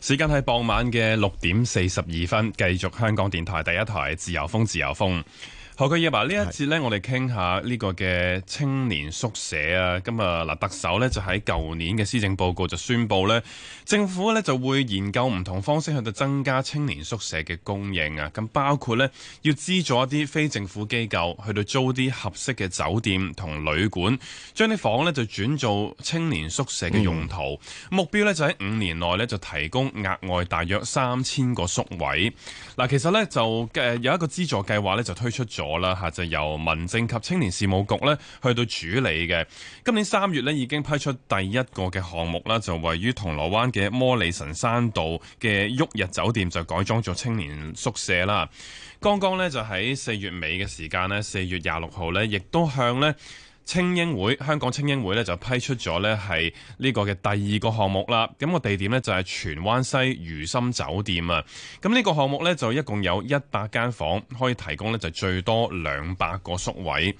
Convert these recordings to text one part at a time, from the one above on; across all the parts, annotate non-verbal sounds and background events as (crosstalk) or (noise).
時間係傍晚嘅六點四十二分，繼續香港電台第一台自由風，自由風。好桂葉啊，呢一節咧，我哋傾下呢個嘅青年宿舍啊。咁啊，嗱特首咧就喺舊年嘅施政報告就宣布咧，政府咧就會研究唔同方式去到增加青年宿舍嘅供應啊。咁包括咧要資助一啲非政府機構去到租啲合適嘅酒店同旅館，將啲房咧就轉做青年宿舍嘅用途。嗯、目標咧就喺五年內咧就提供額外大約三千個宿位。嗱，其實咧就誒有一個資助計劃咧就推出咗。我啦嚇，就由民政及青年事務局咧去到處理嘅。今年三月咧，已經批出第一個嘅項目啦，就位於銅鑼灣嘅摩利臣山道嘅旭日酒店，就改裝做青年宿舍啦。剛剛咧就喺四月尾嘅時間咧，四月廿六號呢，亦都向咧。菁英會香港菁英會咧就批出咗呢係呢個嘅第二個項目啦，咁個地點呢就係荃灣西如心酒店啊，咁呢個項目呢就一共有一百間房，可以提供呢就最多兩百個宿位。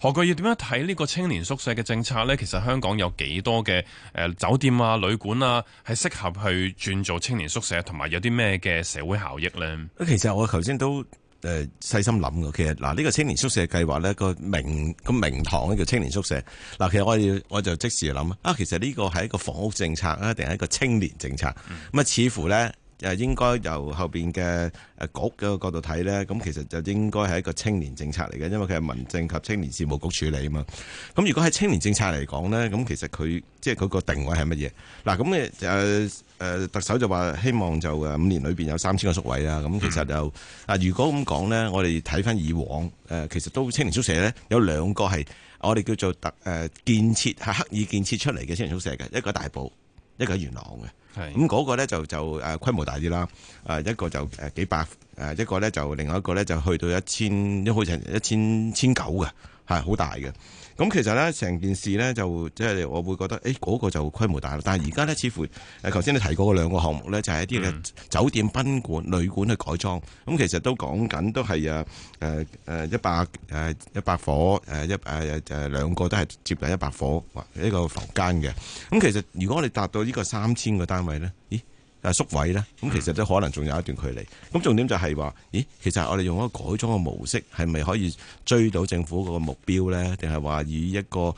何國耀點樣睇呢個青年宿舍嘅政策呢？其實香港有幾多嘅誒酒店啊、旅館啊係適合去轉做青年宿舍，同埋有啲咩嘅社會效益呢？其實我頭先都。誒，細心諗嘅，其實嗱，呢個青年宿舍計劃咧，個名個名堂咧叫青年宿舍。嗱，其實我哋我就即時諗啊，啊，其實呢個係一個房屋政策啊，定係一個青年政策？咁啊，似乎咧。就應該由後邊嘅誒局嘅角度睇咧，咁其實就應該係一個青年政策嚟嘅，因為佢係民政及青年事務局處理啊嘛。咁如果喺青年政策嚟講咧，咁其實佢即係嗰個定位係乜嘢？嗱，咁嘅誒誒特首就話希望就誒五年裏邊有三千個宿位啦。咁其實就，啊，如果咁講咧，我哋睇翻以往誒，其實都青年宿舍咧有兩個係我哋叫做特誒建設係刻意建設出嚟嘅青年宿舍嘅，一個大埔，一個喺元朗嘅。咁嗰個咧就就誒規模大啲啦，誒一個就誒幾百，誒一個咧就另外一個咧就去到一千，好似係一千一千九嘅，係好大嘅。咁其實咧，成件事咧就即係我會覺得，誒嗰個就規模大啦。但係而家咧，似乎誒頭先你提過兩個項目咧，就係一啲嘅酒店賓館、旅館去改裝。咁其實都講緊都係啊誒誒一百誒一百伙誒一誒誒兩個都係接近一百伙一個房間嘅。咁其實如果我哋達到呢個三千個單位咧，咦？啊縮位咧，咁其實都可能仲有一段距離。咁重點就係話，咦，其實我哋用一個改裝嘅模式，係咪可以追到政府嗰個目標咧？定係話以一個誒誒、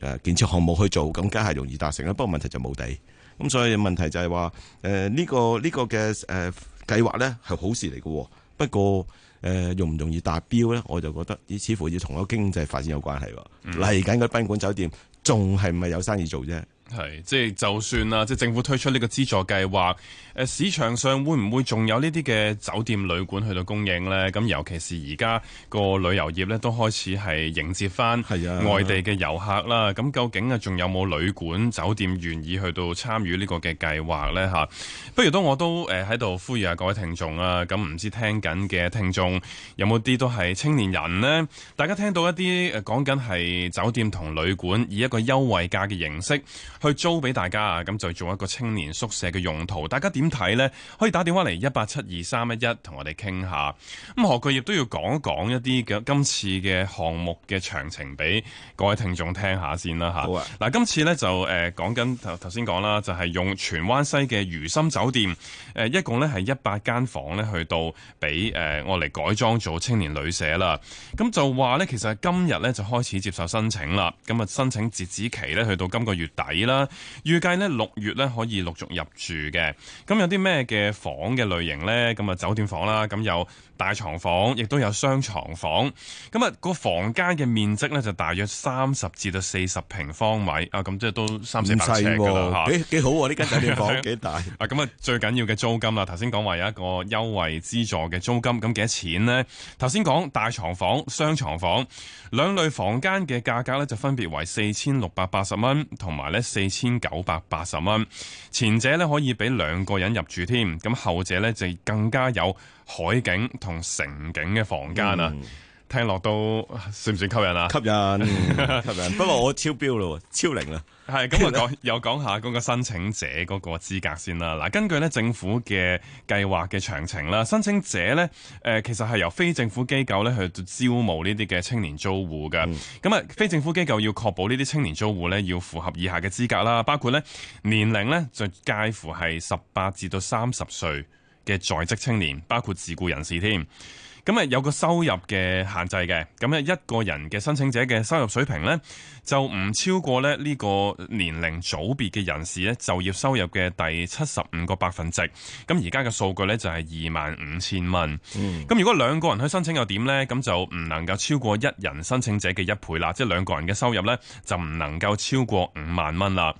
呃、建設項目去做，咁梗係容易達成啦。不過問題就冇地。咁所以問題就係話，誒、呃、呢、這個呢、這個嘅誒、呃、計劃咧係好事嚟嘅，不過誒容唔容易達標咧，我就覺得，咦、呃，似乎要同個經濟發展有關係喎。嚟緊嘅賓館酒店。仲係唔係有生意做啫？係，即係就算啦，即係政府推出呢個資助計劃，誒市場上會唔會仲有呢啲嘅酒店旅館去到供應咧？咁尤其是而家個旅遊業咧，都開始係迎接翻係啊，外地嘅遊客啦。咁究竟啊，仲有冇旅館酒店願意去到參與呢個嘅計劃咧？吓，不如當我都誒喺度呼籲下各位聽眾啊，咁唔知聽緊嘅聽眾有冇啲都係青年人咧？大家聽到一啲誒講緊係酒店同旅館以一個。優惠價嘅形式去租俾大家啊！咁就做一個青年宿舍嘅用途，大家點睇呢？可以打電話嚟一八七二三一一同我哋傾下。咁何國業都要講一講一啲嘅今次嘅項目嘅詳情俾各位聽眾聽下先啦，吓、好啊。嗱，今次呢就誒講緊頭頭先講啦，就係、是、用荃灣西嘅如心酒店，誒、呃、一共咧係一百間房咧，去到俾誒我嚟改裝做青年旅舍啦。咁就話呢，其實今日呢就開始接受申請啦。咁啊，申請截指期咧，去到今個月底啦，預計呢六月咧可以陸續入住嘅。咁有啲咩嘅房嘅類型呢？咁啊，酒店房啦，咁有大床房，亦都有雙床房。咁啊，個房間嘅面積呢，就大約三十至到四十平方米。嗯、啊，咁即係都三四百尺幾幾好、啊？呢 (laughs) 間酒店房幾大？ (laughs) 啊，咁啊，最緊要嘅租金啦。頭先講話有一個優惠資助嘅租金，咁幾多錢呢？頭先講大床房、雙床房兩類房間嘅價格呢，就分別為四千千六百八十蚊，同埋咧四千九百八十蚊，前者咧可以俾兩個人入住添，咁後者咧就更加有海景同城景嘅房間啦。聽落都算唔算吸引啊？吸引，吸引。不過我超標咯，超齡啦。係咁我講又講下嗰個申請者嗰個資格先啦。嗱，根據咧政府嘅計劃嘅詳情啦，申請者咧誒，其實係由非政府機構咧去招募呢啲嘅青年租戶嘅。咁啊、嗯，非政府機構要確保呢啲青年租戶咧要符合以下嘅資格啦，包括咧年齡咧就介乎係十八至到三十歲嘅在職青年，包括自雇人士添。咁啊，有個收入嘅限制嘅，咁咧一個人嘅申請者嘅收入水平呢，就唔超過咧呢個年齡組別嘅人士咧就業收入嘅第七十五個百分值。咁而家嘅數據呢就係二萬五千蚊。咁如果兩個人去申請又點呢？咁就唔能夠超過一人申請者嘅一倍啦，即係兩個人嘅收入呢，就唔能夠超過五萬蚊啦。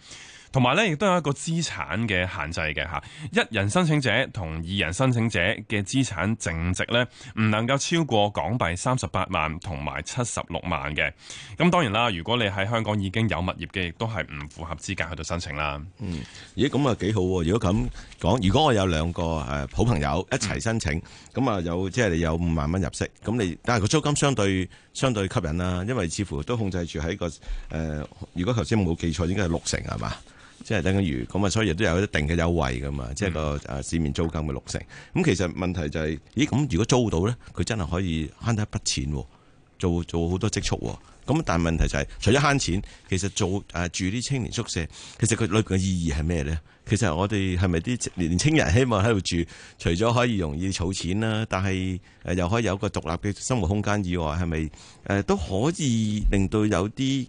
同埋咧，亦都有一個資產嘅限制嘅嚇，一人申請者同二人申請者嘅資產淨值咧，唔能夠超過港幣三十八萬同埋七十六萬嘅。咁當然啦，如果你喺香港已經有物業嘅，亦都係唔符合資格去到申請啦。嗯，咦、欸，咁啊幾好喎！如果咁講，如果我有兩個誒好朋友一齊申請，咁啊、嗯、有即係、就是、你有五萬蚊入息，咁你但係個租金相對相對吸引啦，因為似乎都控制住喺個誒、呃，如果頭先冇記錯，應該係六成係嘛？即係等於咁啊，所以亦都有一定嘅優惠噶嘛，即係個誒市面租金嘅六成。咁其實問題就係，咦？咁如果租到咧，佢真係可以慳得一筆錢，做做好多積蓄喎。咁但係問題就係、是，除咗慳錢，其實做誒、啊、住啲青年宿舍，其實佢裏邊嘅意義係咩咧？其實我哋係咪啲年輕人希望喺度住，除咗可以容易儲錢啦，但係誒又可以有個獨立嘅生活空間以外，係咪誒都可以令到有啲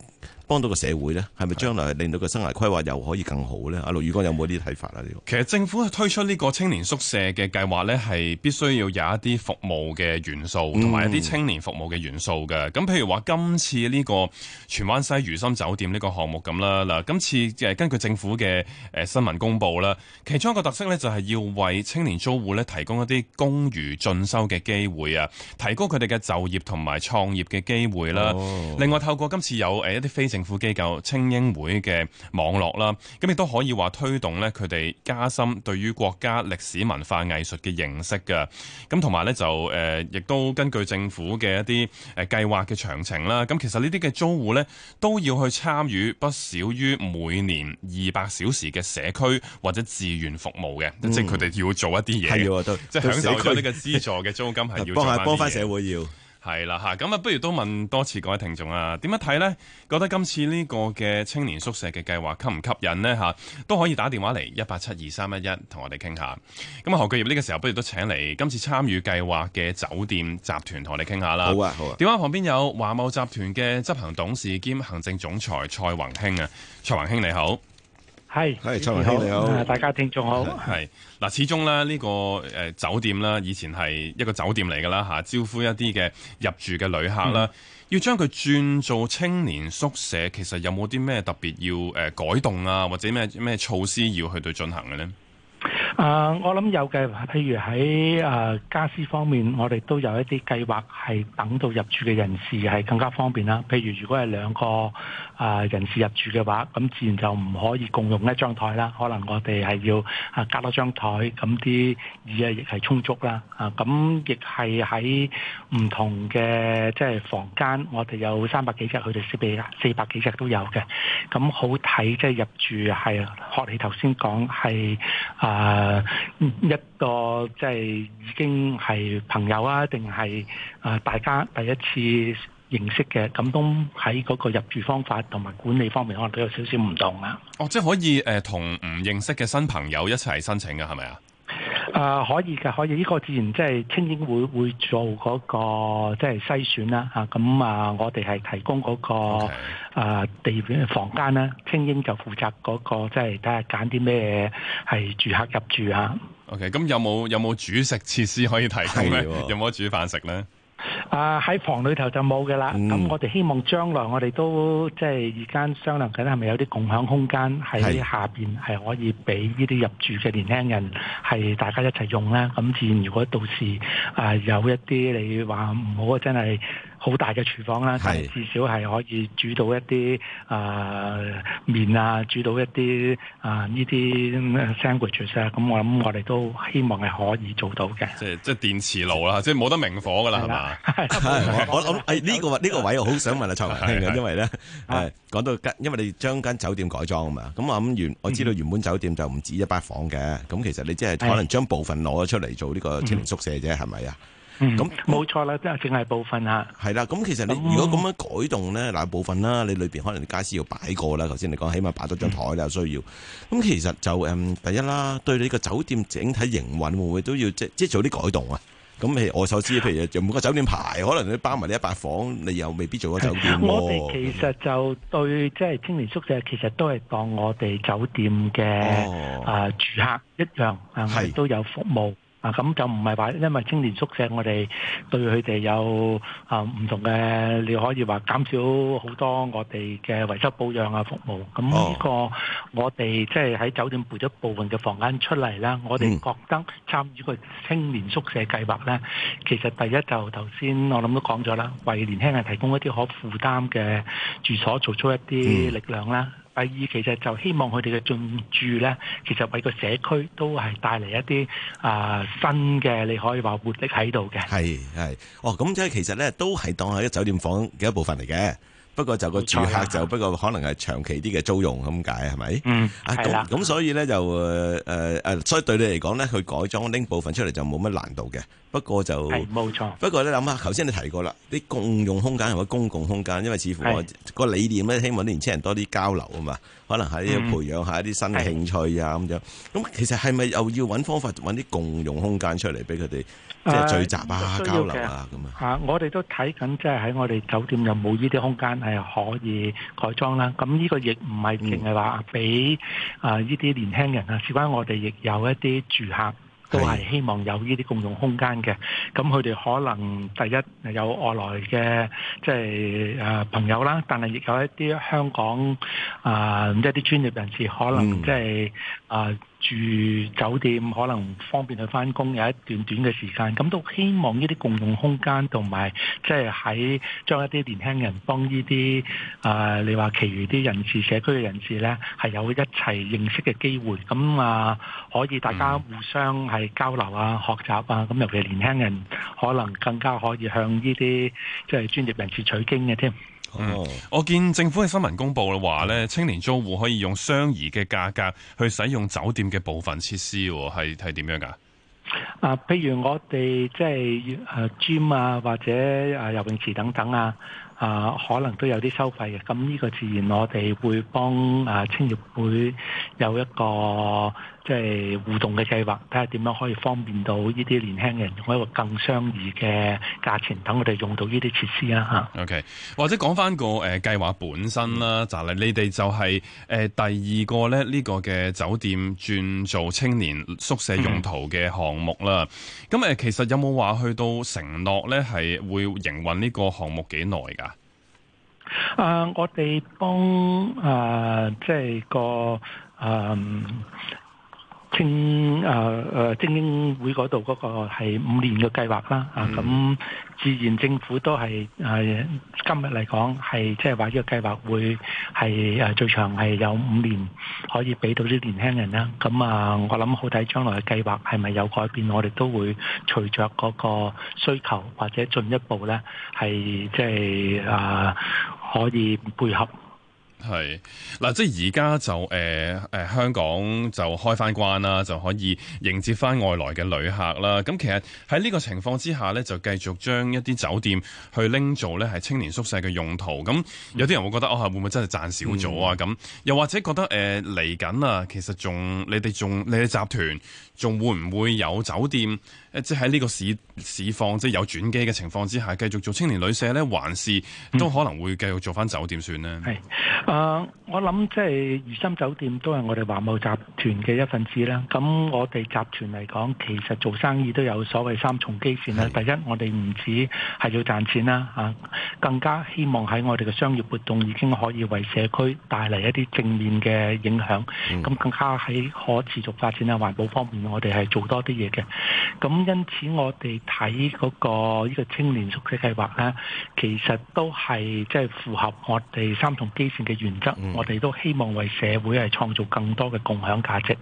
幫到個社會咧？係咪將來令到個生涯規劃又可以更好咧？阿陸宇光有冇啲睇法啊？呢個其實政府推出呢個青年宿舍嘅計劃咧，係必須要有一啲服務嘅元素同埋一啲青年服務嘅元素嘅。咁、嗯、譬如話今次。呢個荃灣西如心酒店呢個項目咁啦，嗱，今次誒根據政府嘅誒新聞公佈啦，其中一個特色呢，就係要為青年租戶呢提供一啲公餘進修嘅機會啊，提高佢哋嘅就業同埋創業嘅機會啦。Oh. 另外透過今次有誒一啲非政府機構菁英會嘅網絡啦，咁亦都可以話推動呢佢哋加深對於國家歷史文化藝術嘅認識㗎。咁同埋呢，就誒亦都根據政府嘅一啲誒計劃嘅詳情啦，咁其實。呢啲嘅租戶咧，都要去參與不少於每年二百小時嘅社區或者志願服務嘅。嗯、即係佢哋要做一啲嘢，即係享受佢呢個資助嘅租金係對要幫下幫翻社會要。係啦嚇，咁啊不如都問多次各位聽眾啊，點樣睇呢？覺得今次呢個嘅青年宿舍嘅計劃吸唔吸引呢？嚇？都可以打電話嚟一八七二三一一，同我哋傾下。咁啊何巨業呢個時候不如都請嚟今次參與計劃嘅酒店集團同我哋傾下啦，啊。好啊好啊，電話旁邊有華懋集團嘅執行董事兼行政總裁蔡宏興啊，蔡宏興你好。係，係蔡文你好，大家聽眾好。係嗱，始終咧呢個誒酒店咧，以前係一個酒店嚟噶啦吓，招呼一啲嘅入住嘅旅客啦，嗯、要將佢轉做青年宿舍，其實有冇啲咩特別要誒改動啊，或者咩咩措施要去對進行嘅咧？啊，我諗有嘅，譬如喺啊傢俬方面，我哋都有一啲計劃，係等到入住嘅人士係更加方便啦。譬如如果係兩個啊人士入住嘅話，咁自然就唔可以共用一張台啦。可能我哋係要啊隔多張台，咁啲椅啊亦係充足啦。啊，咁亦係喺唔同嘅即係房間，我哋有三百幾隻佢哋設備啦，四百幾隻都有嘅。咁好睇即係入住係學你頭先講係啊。誒，一個即係已經係朋友啊，定係誒大家第一次認識嘅，咁都喺嗰個入住方法同埋管理方面，可能都有少少唔同啊。哦，即係可以誒，同、呃、唔認識嘅新朋友一齊申請嘅，係咪啊？啊、呃，可以嘅，可以，呢、這個自然即係菁英會會做嗰、那個即係、就是、篩選啦嚇。咁啊，啊，我哋係提供嗰、那個啊 Okay.、呃、地面房間啦，菁英就負責嗰、那個即係睇下揀啲咩係住客入住啊。OK，咁有冇有冇煮食設施可以提供咧？的有冇得煮飯食咧？啊！喺、uh, 房裏頭就冇嘅啦。咁、嗯、我哋希望將來我哋都即係而家商量緊，係咪有啲共享空間喺下邊，係可以俾呢啲入住嘅年輕人係大家一齊用咧？咁自然如果到時啊有一啲你話唔好真係。好大嘅廚房啦，但係至少係可以煮到一啲啊麵啊，煮到一啲啊呢啲 sandwich 啊，咁我諗我哋都希望係可以做到嘅。即係即係電磁爐啦，即係冇得明火噶啦，係嘛？我諗誒呢個呢個位我好想問阿蔡宏興嘅，因為咧誒講到因為你將間酒店改裝啊嘛，咁我諗原我知道原本酒店就唔止一百房嘅，咁其實你即係可能將部分攞咗出嚟做呢個青年宿舍啫，係咪啊？咁冇錯啦，即係淨係部分吓。係啦，咁其實你如果咁樣改動咧，嗱部分啦，你裏邊可能家私要擺過啦。頭先你講，起碼擺多張台啦，你有需要。咁其實就誒，第一啦，對你個酒店整體營運會唔會都要即即做啲改動啊？咁譬如我所知，譬如有每個酒店牌，可能你包埋呢一百房，你又未必做咗酒店。我哋其實就對，即係青年宿舍，其實都係當我哋酒店嘅啊住客一樣啊，我哋都有服務。啊，咁就唔係話，因為青年宿舍我哋對佢哋有啊唔同嘅，你可以話減少好多我哋嘅維修保養啊服務。咁呢個我哋即係喺酒店撥咗部分嘅房間出嚟啦。我哋覺得參與個青年宿舍計劃咧，其實第一就頭先我諗都講咗啦，為年輕人提供一啲可負擔嘅住所，做出一啲力量啦。第二，其實就希望佢哋嘅進駐咧，其實為個社區都係帶嚟一啲啊、呃、新嘅，你可以話活力喺度嘅。係係，哦咁即係其實咧都係當係一酒店房嘅一部分嚟嘅。不過就個住客就冇錯，不過可能係長期啲嘅租用咁解係咪？嗯，係啦咁、啊、所以咧就誒誒誒，所以對你嚟講咧，佢改裝拎部分出嚟就冇乜難度嘅。不過就冇錯。錯不過你諗下，頭先你提過啦，啲共用空間係咪公共空間？因為似乎的、哦那個理念咧，希望啲年輕人多啲交流啊嘛，可能喺培養下一啲新嘅興趣啊咁、嗯、樣。咁其實係咪又要揾方法揾啲共用空間出嚟俾佢哋？即係聚集啊、交流啊咁樣，啊，我哋都睇緊，即係喺我哋酒店有冇呢啲空間係可以改裝啦。咁呢個亦唔係淨係話俾啊呢啲年輕人啊，事關我哋亦有一啲住客都係希望有呢啲共用空間嘅。咁佢哋可能第一有外來嘅即係啊朋友啦，但係亦有一啲香港啊即係啲專業人士可能即係啊。住酒店可能方便去翻工，有一段短嘅時間，咁都希望呢啲共用空間同埋，即係喺將一啲年輕人幫呢啲誒，你話其餘啲人士社區嘅人士咧，係有一齊認識嘅機會，咁啊可以大家互相係交流啊、學習啊，咁尤其年輕人可能更加可以向呢啲即係專業人士取經嘅添。嗯，我見政府嘅新聞公佈咧話咧，青年租戶可以用相宜嘅價格去使用酒店嘅部分設施，係係點樣噶、啊？啊，譬如我哋即係誒 gym 啊，或者誒、啊、游泳池等等啊，啊，可能都有啲收費嘅。咁呢個自然我哋會幫啊青協會有一個。即係互動嘅計劃，睇下點樣可以方便到呢啲年輕人，用一個更相宜嘅價錢，等佢哋用到呢啲設施啦嚇。OK，或者講返個誒計劃本身啦，嗯、就係你哋就係誒第二個咧呢、這個嘅酒店轉做青年宿舍用途嘅項目啦。咁誒、嗯，其實有冇話去到承諾咧，係會營運呢個項目幾耐㗎？啊、呃，我哋幫啊，即、呃、係、就是、個啊。呃青啊啊精英會嗰度嗰個係五年嘅計劃啦，啊咁自然政府都係啊、呃、今日嚟講係即係話呢個計劃會係啊最長係有五年可以俾到啲年輕人啦。咁啊我諗好睇將來嘅計劃係咪有改變，我哋都會隨着嗰個需求或者進一步咧，係即係啊可以配合。係，嗱，即係而家就誒誒、呃呃、香港就開翻關啦，就可以迎接翻外來嘅旅客啦。咁其實喺呢個情況之下呢，就繼續將一啲酒店去拎做呢係青年宿舍嘅用途。咁有啲人會覺得，嗯、哦，會唔會真係賺少咗啊？咁、嗯、又或者覺得誒嚟緊啊，呃、其實仲你哋仲你哋集團仲會唔會有酒店？即係喺呢個市市況，即係有轉機嘅情況之下，繼續做青年旅社咧，還是都可能會繼續做翻酒店算咧？係誒、嗯呃，我諗即係如心酒店都係我哋華懋集團嘅一份子啦。咁我哋集團嚟講其實做生意都有所謂三重基線啦。是第一，我哋唔止係要賺錢啦，嚇、啊，更加希望喺我哋嘅商業活動已經可以為社區帶嚟一啲正面嘅影響，咁、嗯、更加喺可持續發展啊、環保方面，我哋係做多啲嘢嘅。咁、嗯因此，我哋睇嗰個呢個青年宿舍計劃咧，其實都係即係符合我哋三重基線嘅原則，我哋都希望為社會係創造更多嘅共享價值。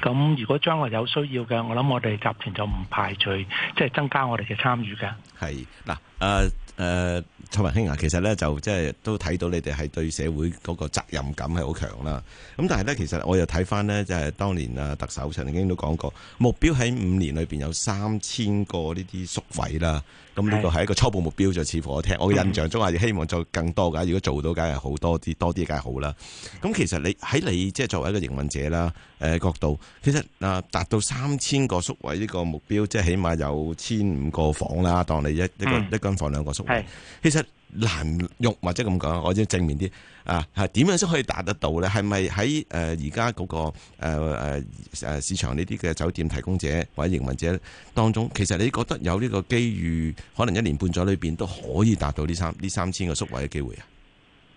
咁如果將來有需要嘅，我諗我哋集團就唔排除即係增加我哋嘅參與嘅。係嗱。啊誒，蔡、呃、宏興啊，其實咧就即係都睇到你哋係對社會嗰個責任感係好強啦。咁但係咧，其實我又睇翻咧，就係、是、當年啊，特首曾經都講過，目標喺五年裏邊有三千個呢啲宿位啦。咁呢個係一個初步目標，就似乎我聽，我印象中係希望做更多噶。如果做到，梗係好多啲，多啲梗係好啦。咁其實你喺你即係作為一個營運者啦。誒角度，其實啊，達到三千個宿位呢個目標，即係起碼有千五個房啦。當你一一個一間房兩個宿位，嗯、其實難入或者咁講，我先正面啲啊，係點樣先可以達得到呢？係咪喺誒而家嗰個誒誒、呃啊、市場呢啲嘅酒店提供者或者營運者當中，其實你覺得有呢個機遇，可能一年半載裏邊都可以達到呢三呢三千個宿位嘅機會啊？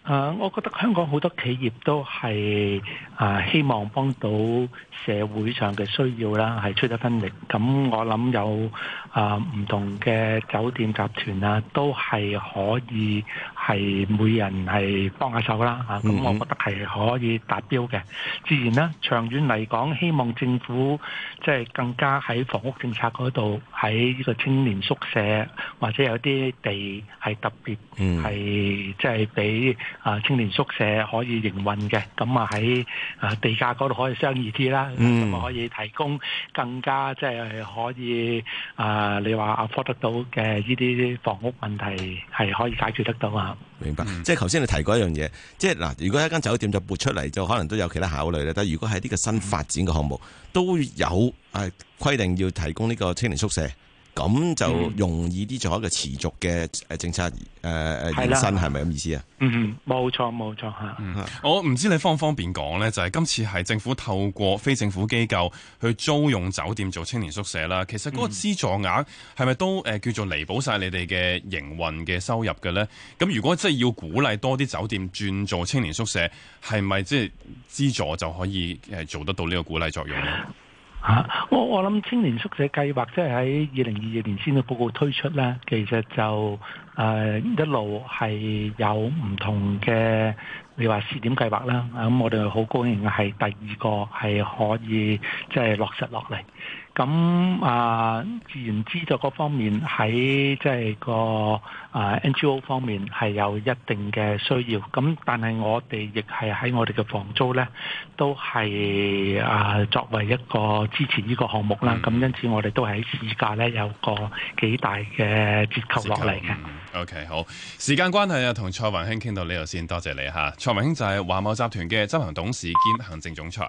啊，uh, 我覺得香港好多企業都係啊，uh, 希望幫到社會上嘅需要啦，係出一分力。咁我諗有啊，唔、uh, 同嘅酒店集團啊，都係可以。係每人係幫下手啦嚇，咁我覺得係可以達標嘅。自然啦，長遠嚟講，希望政府即係更加喺房屋政策嗰度，喺呢個青年宿舍或者有啲地係特別係即係俾啊青年宿舍可以營運嘅。咁啊喺啊地價嗰度可以相宜啲啦，咁啊可以提供更加即係可以啊你話 afford 得到嘅呢啲房屋問題係可以解決得到啊！明白，即係頭先你提過一樣嘢，即係嗱，如果一間酒店就撥出嚟就可能都有其他考慮咧，但係如果係呢個新發展嘅項目，都有啊規定要提供呢個青年宿舍。咁就容易啲做一個持續嘅誒政策誒誒延伸，係咪咁意思啊？嗯嗯，冇錯冇錯嚇。嗯嗯、我唔知你方唔方便講呢？就係、是、今次係政府透過非政府機構去租用酒店做青年宿舍啦。其實嗰個資助額係咪都誒叫做彌補晒你哋嘅營運嘅收入嘅呢？咁如果即係要鼓勵多啲酒店轉做青年宿舍，係咪即係資助就可以誒做得到呢個鼓勵作用咧.？ (laughs) 吓，我我諗青年宿舍計劃即係喺二零二二年先至報告推出啦，其實就誒、呃、一路係有唔同嘅，你話試點計劃啦，咁、嗯、我哋好高興係第二個係可以即係落實落嚟。咁啊，自然、呃、資助嗰方面喺即係個啊、呃、NGO 方面係有一定嘅需要，咁但係我哋亦係喺我哋嘅房租呢，都係啊、呃、作為一個支持呢個項目啦。咁、嗯、因此我哋都係市價呢有個幾大嘅折扣落嚟嘅。OK，好，時間關係啊，同蔡宏興傾到呢度先，多謝你嚇。蔡宏興就係華懋集團嘅執行董事兼行政總裁。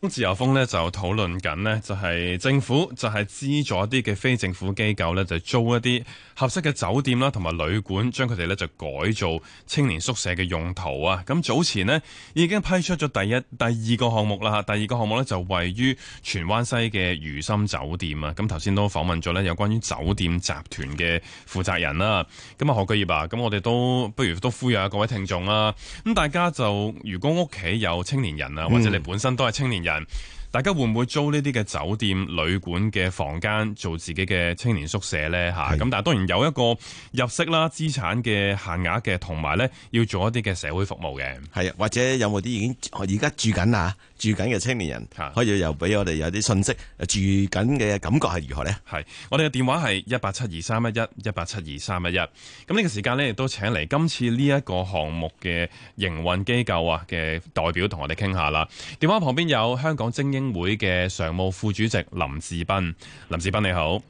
咁自由風咧就討論緊咧，就係、是、政府就係、是、資助一啲嘅非政府機構咧，就租一啲合適嘅酒店啦，同埋旅館，將佢哋咧就改做青年宿舍嘅用途啊！咁早前咧已經批出咗第一、第二個項目啦嚇，第二個項目咧就位於荃灣西嘅如心酒店啊！咁頭先都訪問咗咧有關於酒店集團嘅負責人啦、啊。咁啊何居業啊，咁我哋都不如都呼籲下各位聽眾啦、啊。咁大家就如果屋企有青年人啊，或者你本身都係青年人。嗯大家會唔會租呢啲嘅酒店、旅館嘅房間做自己嘅青年宿舍呢？吓是，咁但係當然有一個入息啦、資產嘅限額嘅，同埋呢要做一啲嘅社會服務嘅。係啊，或者有冇啲已經而家住緊啊？住緊嘅青年人，可以又俾我哋有啲信息。住緊嘅感覺係如何呢？係，我哋嘅電話係一八七二三一一一八七二三一一。咁呢個時間呢，亦都請嚟今次呢一個項目嘅營運機構啊嘅代表同我哋傾下啦。電話旁邊有香港菁英會嘅常務副主席林智彬。林智彬你好，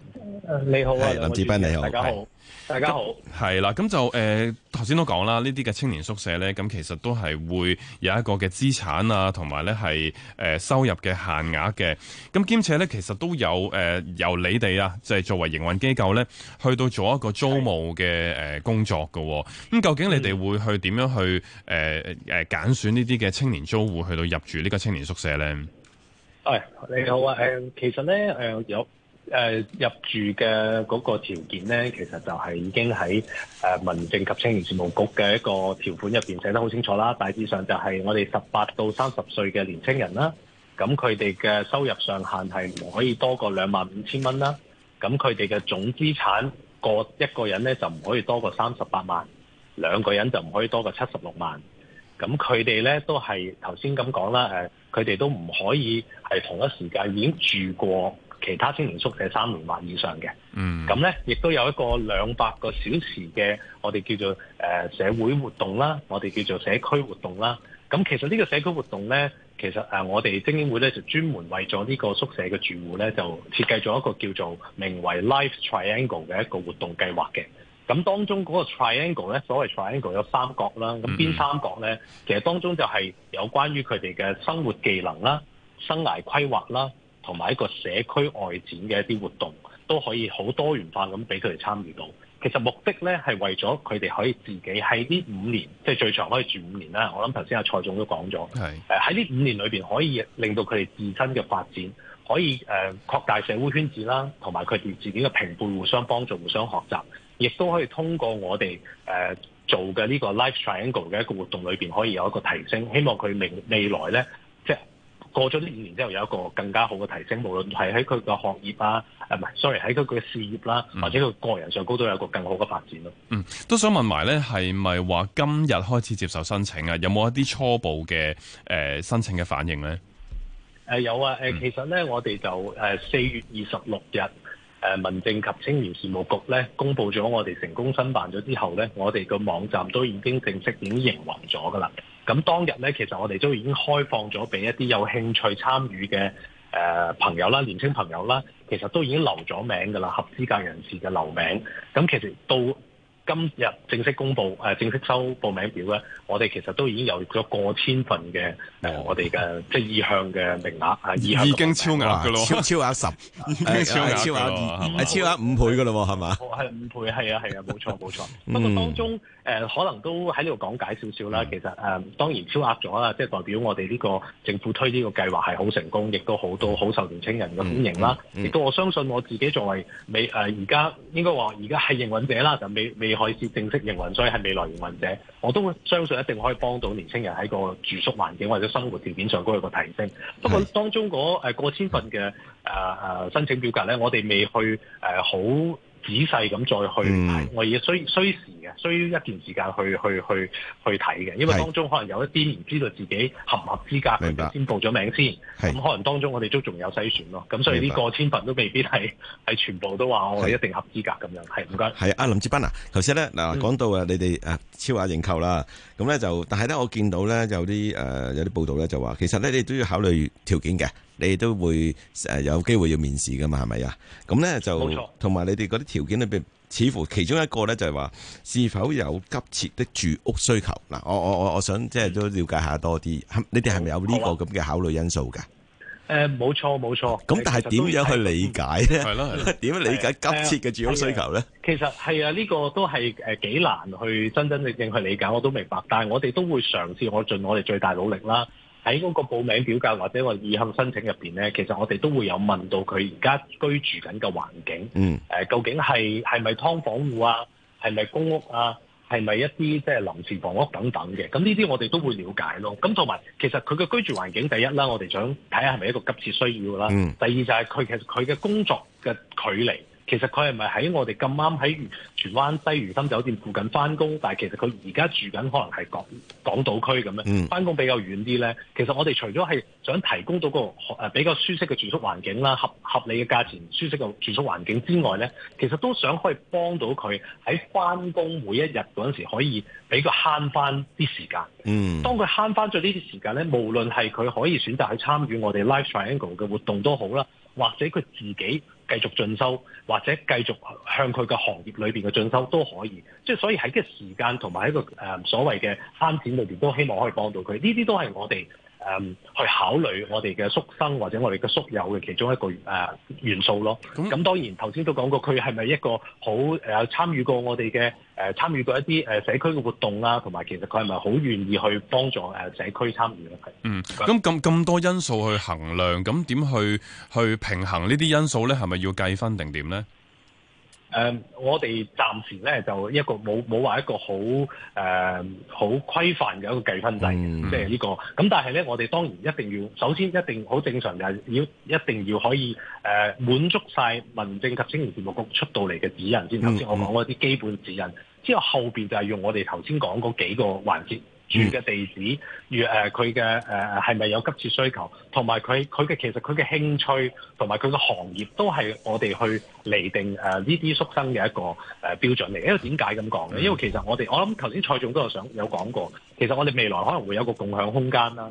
你好啊，林智彬你好，大家好。大家好，係啦，咁 (music) 就誒頭先都講啦，呢啲嘅青年宿舍咧，咁其實都係會有一個嘅資產啊，同埋咧係誒收入嘅限額嘅。咁兼且咧，其實都有誒、呃、由你哋啊，即、就、係、是、作為營運機構咧，去到做一個租務嘅誒工作嘅。咁的、呃、究竟你哋會去點樣去誒誒揀選呢啲嘅青年租戶去到入住呢個青年宿舍咧？係、哎、你好啊，誒、呃、其實咧誒、呃、有。誒、呃、入住嘅嗰個條件咧，其實就係已經喺誒、呃、民政及青年事務局嘅一個條款入邊寫得好清楚啦。大致上就係我哋十八到三十歲嘅年青人啦，咁佢哋嘅收入上限係唔可以多過兩萬五千蚊啦。咁佢哋嘅總資產個一個人咧就唔可以多過三十八萬，兩個人就唔可以多過七十六萬。咁佢哋咧都係頭先咁講啦，誒佢哋都唔可以係同一時間已經住過其他青年宿舍三年環以上嘅，咁咧亦都有一個兩百個小時嘅我哋叫做誒、呃、社會活動啦，我哋叫做社區活動啦。咁其實呢個社區活動咧，其實誒、呃、我哋精英會咧就專門為咗呢個宿舍嘅住戶咧，就設計咗一個叫做名為 Life Triangle 嘅一個活動計劃嘅。咁當中嗰個 Triangle 咧，所謂 Triangle 有三角啦，咁邊、mm hmm. 三角咧，其實當中就係有關於佢哋嘅生活技能啦、生涯規劃啦。同埋一個社區外展嘅一啲活動，都可以好多元化咁俾佢哋參與到。其實目的咧係為咗佢哋可以自己喺呢五年，即係最長可以住五年啦。我諗頭先阿蔡總都講咗，係誒喺呢五年裏邊可以令到佢哋自身嘅發展，可以誒、呃、擴大社會圈子啦，同埋佢哋自己嘅平輩互相幫助、互相學習，亦都可以通過我哋誒、呃、做嘅呢個 Life Triangle 嘅一個活動裏邊，可以有一個提升。希望佢未未來咧，過咗呢五年之後，有一個更加好嘅提升，無論係喺佢嘅學業啊，誒唔係，sorry，喺佢嘅事業啦、啊，或者佢個人上高都有一個更好嘅發展咯。嗯，都想問埋咧，係咪話今日開始接受申請啊？有冇一啲初步嘅誒、呃、申請嘅反應咧？誒、呃、有啊，誒、呃、其實咧，我哋就誒四、呃、月二十六日，誒、呃、民政及青年事務局咧公布咗我哋成功申辦咗之後咧，我哋個網站都已經正式已經營運咗噶啦。咁當日咧，其實我哋都已經開放咗俾一啲有興趣參與嘅誒朋友啦、年輕朋友啦，其實都已經留咗名㗎啦，合資格人士嘅留名。咁其實到今日正式公布，誒、呃、正式收報名表咧，我哋其實都已經有咗過千份嘅誒、呃，我哋嘅即係意向嘅名額，係、啊、已經超額嘅咯，嗯、超超額十，嗯、已經超額啦，係超，額超額五倍嘅嘞，係嘛、嗯？係吧五倍，係啊，係啊，冇錯冇錯。錯 (laughs) 不過當中誒、呃、可能都喺呢度講解少少啦。嗯、其實誒、呃、當然超額咗啦，即、就、係、是、代表我哋呢個政府推呢個計劃係好成功，亦都好多好受年輕人嘅歡迎啦。亦都、嗯嗯嗯、我相信我自己作為未誒而家應該話而家係營運者啦，就未未。未開始正式營運，所以係未來營運者，我都相信一定可以幫到年青人喺個住宿環境或者生活條件上有個提升。不過當中嗰誒、呃、過千份嘅誒誒申請表格咧，我哋未去誒、呃、好。仔細咁再去睇我亦需需時嘅，需要一段時間去去去去睇嘅，因為當中可能有一啲唔知道自己合唔合資格，的先報咗名先。咁的可能當中我哋都仲有篩選咯，咁的所以呢過千份都未必係係全部都話我哋一定合資格咁樣。係，唔該。係啊，林智彬啊，頭先咧嗱講到啊，你哋啊超額認購啦，咁咧就但係咧我見到咧有啲誒有啲報道咧就話，其實咧你都要考慮條件嘅。你都會誒有機會要面試噶嘛？係咪啊？咁咧就同埋錯你哋嗰啲條件裏邊，似乎其中一個咧就係話是否有急切的住屋需求嗱。我我我我想即係都了解下多啲，你哋係咪有呢個咁嘅考慮因素噶？誒、嗯，冇錯冇錯。咁但係其點樣去理解咧？係係咯。點樣理解急切嘅住屋需求咧？其實係啊，呢、這個都係誒幾難去真真正正去理解。我都明白，但係我哋都會嘗試，我盡我哋最大努力啦。喺嗰個報名表格或者我意向申請入邊咧，其實我哋都會有問到佢而家居住緊嘅環境，誒、mm. 呃、究竟係係咪劏房戶啊，係咪公屋啊，係咪一啲即係臨時房屋等等嘅，咁呢啲我哋都會了解咯。咁同埋其實佢嘅居住環境第一啦，我哋想睇下係咪一個急切需要啦。Mm. 第二就係佢其實佢嘅工作嘅距離。其實佢係咪喺我哋咁啱喺荃灣西如心酒店附近翻工？但係其實佢而家住緊可能係港港島區咁樣，翻工、mm. 比較遠啲咧。其實我哋除咗係想提供到個誒比較舒適嘅住宿環境啦，合合理嘅價錢、舒適嘅住宿環境之外咧，其實都想可以幫到佢喺翻工每一日嗰陣時可以俾佢慳翻啲時間。嗯，mm. 當佢慳翻咗呢啲時間咧，無論係佢可以選擇去參與我哋 Life Triangle 嘅活動都好啦，或者佢自己。繼續進修，或者繼續向佢嘅行業裏邊嘅進修都可以，即係所以喺個時間，同埋喺個誒、呃、所謂嘅慳錢裏邊，都希望可以幫到佢，呢啲都係我哋。誒，去考慮我哋嘅宿生或者我哋嘅宿友嘅其中一個誒元素咯。咁、嗯、當然頭先都講過，佢係咪一個好誒、呃、參與過我哋嘅誒參與過一啲誒社區嘅活動啦？同埋其實佢係咪好願意去幫助誒社區參與咧？嗯，咁咁咁多因素去衡量，咁點去去平衡呢啲因素咧？係咪要計分定點咧？誒，uh, 我哋暫時咧就一個冇冇話一個好誒好規範嘅一個計分制，即係呢個。咁但係咧，我哋當然一定要首先一定好正常嘅，要一定要可以誒、uh, 滿足晒民政及青年事務局出到嚟嘅指引先。頭先我講嗰啲基本指引，mm. 之後後邊就係用我哋頭先講嗰幾個環節。嗯、住嘅地址與誒佢嘅誒係咪有急切需求，同埋佢佢嘅其實佢嘅興趣同埋佢嘅行業都係我哋去釐定誒呢啲宿生嘅一個誒、呃、標準嚟。因為點解咁講咧？嗯、因為其實我哋我諗頭先蔡總都有想有講過，其實我哋未來可能會有個共享空間啦，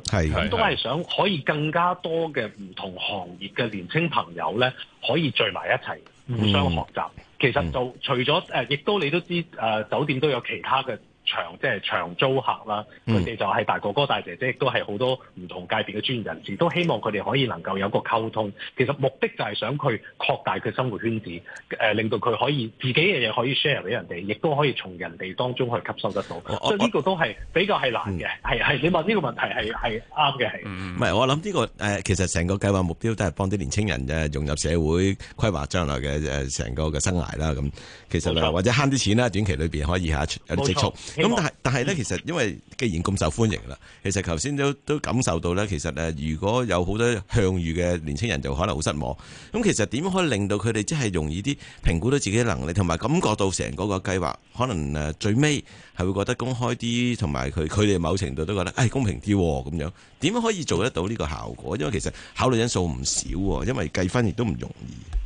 都係想可以更加多嘅唔同行業嘅年青朋友咧可以聚埋一齊互相學習。嗯、其實就、嗯、除咗誒，亦、呃、都你都知誒、呃，酒店都有其他嘅。長即係長租客啦，佢哋、嗯、就係大哥哥大姐姐，亦都係好多唔同界別嘅專業人士，都希望佢哋可以能夠有個溝通。其實目的就係想佢擴大佢生活圈子，誒、呃、令到佢可以自己嘅嘢可以 share 俾人哋，亦都可以從人哋當中去吸收得到。所以呢個都係比較係難嘅，係係、嗯、你問呢個問題係係啱嘅，係。唔係、嗯、我諗呢、這個誒、呃，其實成個計劃目標都係幫啲年青人嘅融入社會規劃將來嘅誒成個嘅生涯啦。咁、嗯、其實或者慳啲錢啦，短期裏邊可以嚇有啲積蓄。咁但係但係咧，其實因為既然咁受歡迎啦，其實頭先都都感受到咧，其實誒，如果有好多向隅嘅年青人就可能好失望。咁、嗯、其實點可以令到佢哋即係容易啲評估到自己能力，同埋感覺到成個計劃可能誒最尾係會覺得公開啲，同埋佢佢哋某程度都覺得誒公平啲咁、啊、樣。點樣可以做得到呢個效果？因為其實考慮因素唔少啊，因為計分亦都唔容易。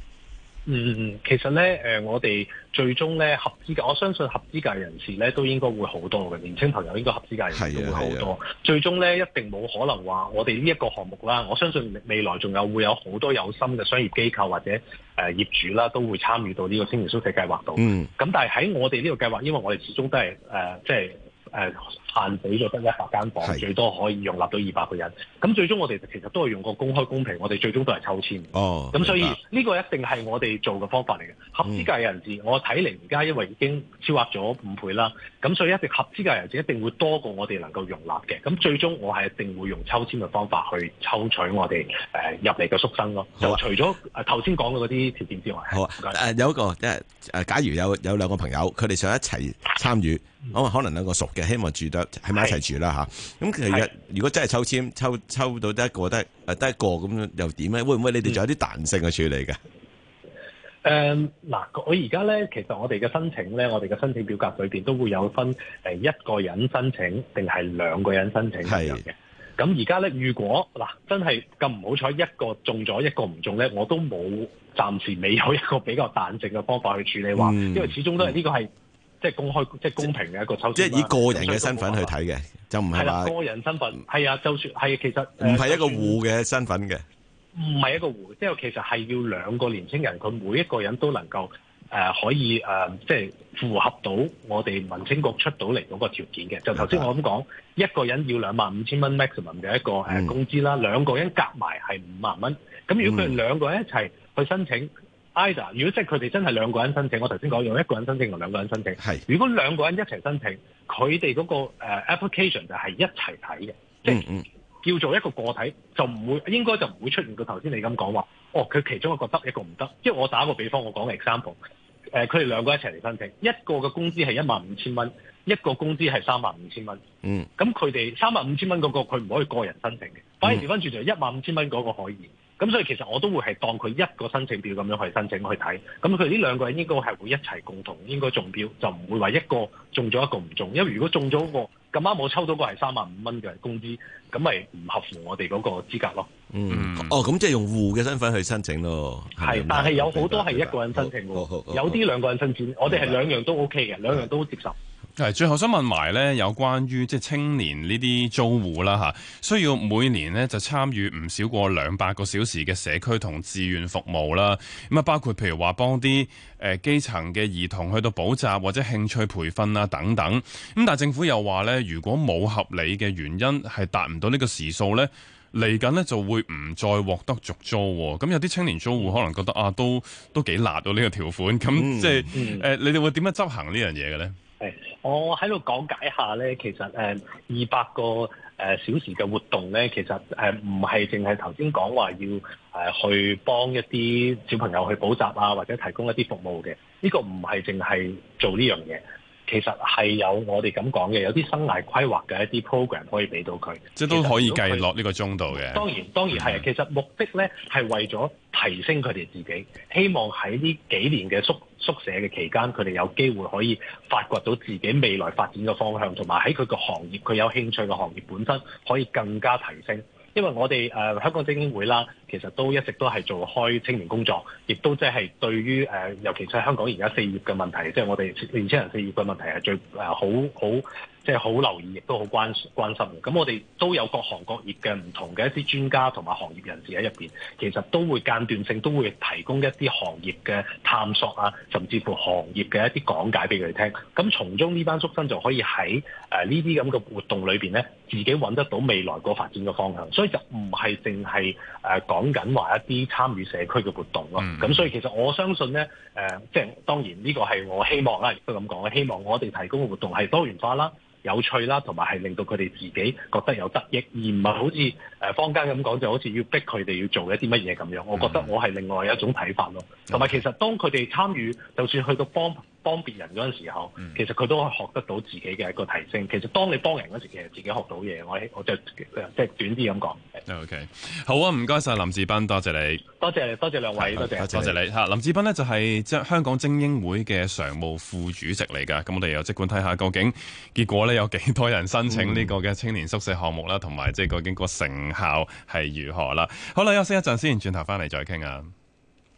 嗯，嗯，其實咧，誒、呃，我哋最終咧，合資格，我相信合資格人士咧都應該會好多嘅，年青朋友應該合資格人士都會好多。啊啊、最終咧一定冇可能話我哋呢一個項目啦，我相信未來仲有會有好多有心嘅商業機構或者誒、呃、業主啦，都會參與到呢個青年宿舍計劃度。嗯，咁但係喺我哋呢個計劃，因為我哋始終都係誒、呃，即係誒。呃限俾咗得一百間房，的最多可以容納到二百個人。咁最終我哋其實都係用個公開公平，我哋最終都係抽籤。哦，咁所以呢白個一定係我哋做嘅方法嚟嘅。合資格人士，嗯、我睇嚟而家因為已經超額咗五倍啦，咁所以一定合資格人士一定會多過我哋能夠容納嘅。咁最終我係一定會用抽籤嘅方法去抽取我哋誒、呃、入嚟嘅宿生咯。啊、就除咗頭先講嘅嗰啲條件之外，啊、有一個係假如有有兩個朋友，佢哋想一齊參與，咁、嗯、可能兩個熟嘅，希望住喺埋一齊住啦嚇，咁是其實如果真係抽籤抽抽到得一個得得一個咁樣，又點咧？會唔會你哋仲有啲彈性嘅處理㗎？誒嗱、嗯呃，我而家咧，其實我哋嘅申請咧，我哋嘅申請表格裏邊都會有分誒一個人申請定係兩個人申請咁嘅。咁而家咧，如果嗱真係咁唔好彩，一個中咗一個唔中咧，我都冇暫時未有一個比較彈性嘅方法去處理話，嗯、因為始終都係呢個係。嗯即係公開，即係公平嘅一個抽選。即係以個人嘅身份去睇嘅，是就唔係話個人身份係啊、嗯，就算係其實唔係一個戶嘅身份嘅，唔係一個戶，即係其實係要兩個年青人，佢每一個人都能夠誒、呃、可以誒、呃，即係符合到我哋民青局出到嚟嗰個條件嘅。就頭先我咁講，的一個人要兩萬五千蚊 maximum 嘅一個誒工資啦，嗯、兩個人夾埋係五萬蚊。咁如果佢哋兩個人一齊去申請？IDA，如果即係佢哋真係兩個人申請，我頭先講用一個人申請同兩個人申請。係，如果兩個人一齊申請，佢哋嗰個 application 就係一齊睇嘅，的即係叫做一個個體就唔會應該就唔會出現個頭先你咁講話，哦，佢其中一個得一個唔得。即係我打個比方，我講嘅 example，誒、呃、佢哋兩個一齊嚟申請，一個嘅工資係一萬五千蚊，一個工資係三萬五千蚊。嗯，咁佢哋三萬五千蚊嗰個，佢唔可以個人申請嘅，反而調翻轉就一萬五千蚊嗰個可以。咁所以其實我都會係當佢一個申請表咁樣去申請去睇，咁佢呢兩個人應該係會一齊共同應該中標，就唔會話一個中咗一個唔中，因為如果中咗一個咁啱我抽到個係三萬五蚊嘅工資，咁咪唔合符我哋嗰個資格咯。嗯，哦，咁即係用戶嘅身份去申請咯。係，但係有好多係一個人申請，有啲兩個人申請，我哋係兩樣都 OK 嘅，兩樣都接受。誒，最後想問埋咧，有關於即係青年呢啲租戶啦吓，需要每年咧就參與唔少過兩百個小時嘅社區同志願服務啦。咁啊，包括譬如話幫啲誒基層嘅兒童去到補習或者興趣培訓啊等等。咁但係政府又話咧，如果冇合理嘅原因係達唔到呢個時數咧，嚟緊咧就會唔再獲得續租。咁有啲青年租戶可能覺得啊，都都幾辣到呢個條款。咁即係誒，你哋會點樣執行呢樣嘢嘅咧？我喺度講解下咧，其實誒二百個誒小時嘅活動咧，其實誒唔係淨係頭先講話要誒去幫一啲小朋友去補習啊，或者提供一啲服務嘅，呢個唔係淨係做呢樣嘢。其實係有我哋咁講嘅，有啲生涯規劃嘅一啲 program 可以俾到佢，即係都可以計落呢個鐘度嘅。當然當然係，其實目的咧係為咗提升佢哋自己，希望喺呢幾年嘅宿宿舍嘅期間，佢哋有機會可以發掘到自己未來發展嘅方向，同埋喺佢個行業佢有興趣嘅行業本身可以更加提升。因為我哋誒、呃、香港菁英會啦，其實都一直都係做開青年工作，亦都即係對於誒、呃，尤其是香港而家四業嘅問題，即、就、係、是、我哋年輕人四業嘅問題係最誒好、呃、好。好即係好留意，亦都好關關心。咁我哋都有各行各業嘅唔同嘅一啲專家同埋行業人士喺入邊，其實都會間斷性都會提供一啲行業嘅探索啊，甚至乎行業嘅一啲講解俾佢哋聽。咁從中呢班宿生就可以喺誒呢啲咁嘅活動裏邊咧，自己揾得到未來個發展嘅方向。所以就唔係淨係誒講緊話一啲參與社區嘅活動咯、啊。咁、mm. 所以其實我相信咧，誒、呃、即係當然呢個係我希望啦，亦都咁講嘅。希望我哋提供嘅活動係多元化啦。有趣啦，同埋係令到佢哋自己覺得有得益，而唔係好似誒坊間咁講，就好似要逼佢哋要做一啲乜嘢咁樣。我覺得我係另外一種睇法咯，同埋其實當佢哋參與，就算去到幫。幫別人嗰陣時候，其實佢都可以學得到自己嘅一個提升。其實當你幫人嗰時，其實自己學到嘢。我就我就即係、就是、短啲咁講。O、okay. K. 好啊，唔該晒。林智彬，多謝你，多謝你多謝兩位，多謝多謝你嚇。你林智彬呢，就係即香港菁英會嘅常務副主席嚟㗎。咁我哋又即管睇下究竟結果咧有幾多人申請呢個嘅青年宿舍項目啦，同埋即係究竟個成效係如何啦。好啦，啊，休息一陣先，轉頭返嚟再傾啊。